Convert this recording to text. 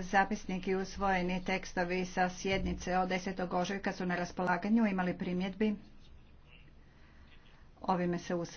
Zapisnik i usvojeni tekstovi sa sjednice od 10. ožujka su na raspolaganju. Imali primjedbi? Ovime se usvojeni.